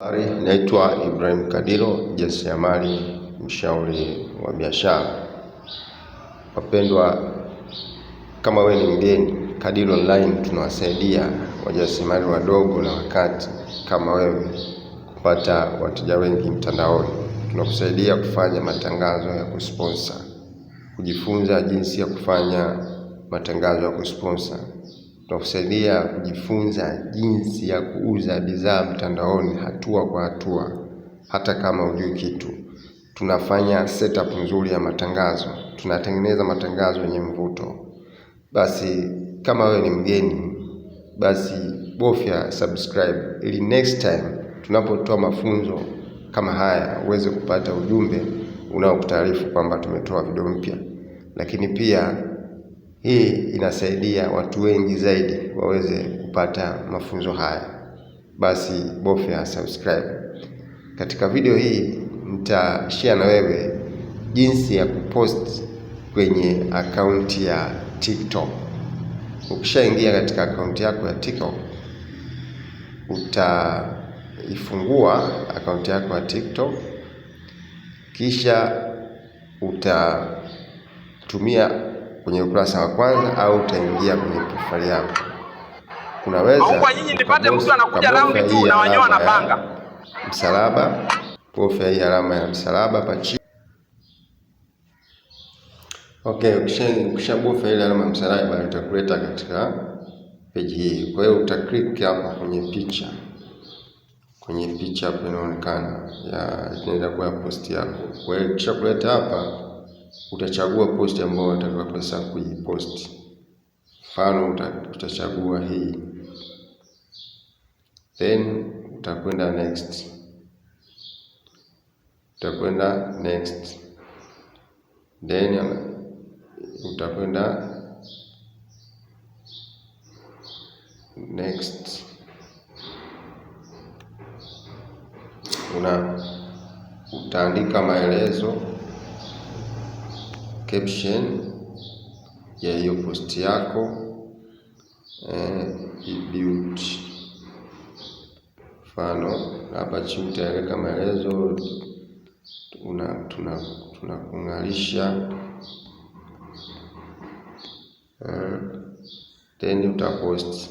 Habari, naitwa Ibrahim Kadilo, mjasiriamali, mshauri wa biashara. Wapendwa, kama wewe ni mgeni, Kadilo Online tunawasaidia wajasiriamali wadogo na wakati kama wewe kupata wateja wengi mtandaoni. Tunakusaidia kufanya matangazo ya kusponsor, kujifunza jinsi ya kufanya matangazo ya kusponsor Itakusaidia kujifunza jinsi ya kuuza bidhaa mtandaoni hatua kwa hatua hata kama hujui kitu. Tunafanya setup nzuri ya matangazo. Tunatengeneza matangazo yenye mvuto. Basi kama wewe ni mgeni basi bofya subscribe ili next time tunapotoa mafunzo kama haya uweze kupata ujumbe unaokutaarifu kwamba tumetoa video mpya. Lakini pia hii inasaidia watu wengi zaidi waweze kupata mafunzo haya. Basi bofya subscribe. Katika video hii nitashare na wewe jinsi ya kupost kwenye akaunti ya TikTok. Ukishaingia katika akaunti yako ya TikTok, utaifungua akaunti yako ya TikTok, kisha utatumia kwenye ukurasa wa kwanza au utaingia kwenye profile yako. Unaweza kwa nyinyi nipate mtu anakuja round tu na wanyoa na panga. Msalaba, bofya hii alama ya msalaba pa chini. Okay, ukishabofya ile alama ya msalaba itakuleta katika peji hii. Kwa hiyo utaclick hapa kwenye picha. Kwenye picha hapo inaonekana ya inaweza kuwa post yako. Kwa hiyo ukishakuleta hapa utachagua posti ambayo unataka pesa kuiposti. Mfano utachagua hii, then utakwenda next, utakwenda next, then utakwenda next una utaandika maelezo caption ya hiyo post yako eh, build Mfano hapa chini utaweka maelezo, tunakung'arisha tuna eh, then eh, utapost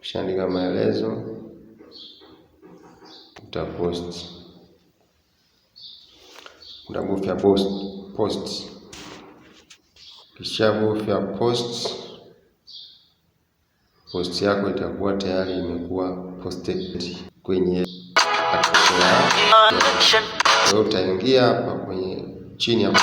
kishaandika maelezo utapost utabofya post, post. Kisha Ukishabofya post, post yako itakuwa tayari imekuwa posted kwenye kwa hiyo utaingia hapa kwenye chini hapo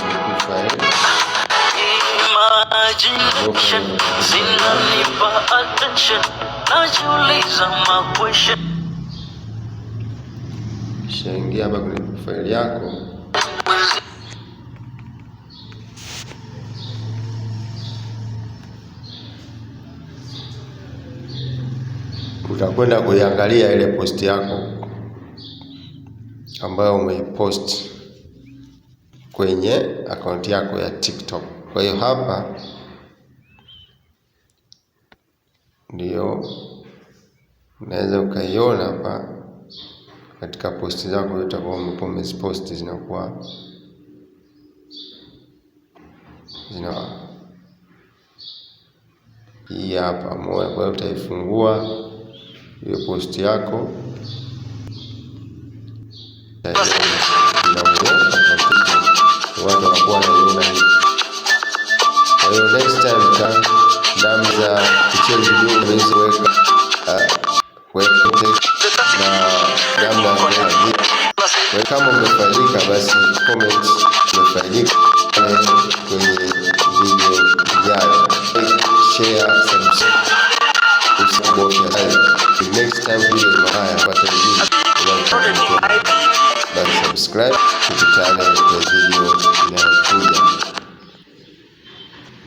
kishaingia hapa kwenye profile yako utakwenda kuiangalia ile posti yako ambayo umeiposti kwenye akaunti yako ya TikTok. Kwa hiyo hapa ndiyo unaweza ukaiona hapa katika posti zako zote ambapo umeziposti zinakuwa zina hii hapa moja. Kwa hiyo utaifungua hiyo post yako subscribe, to the channel, the video inayo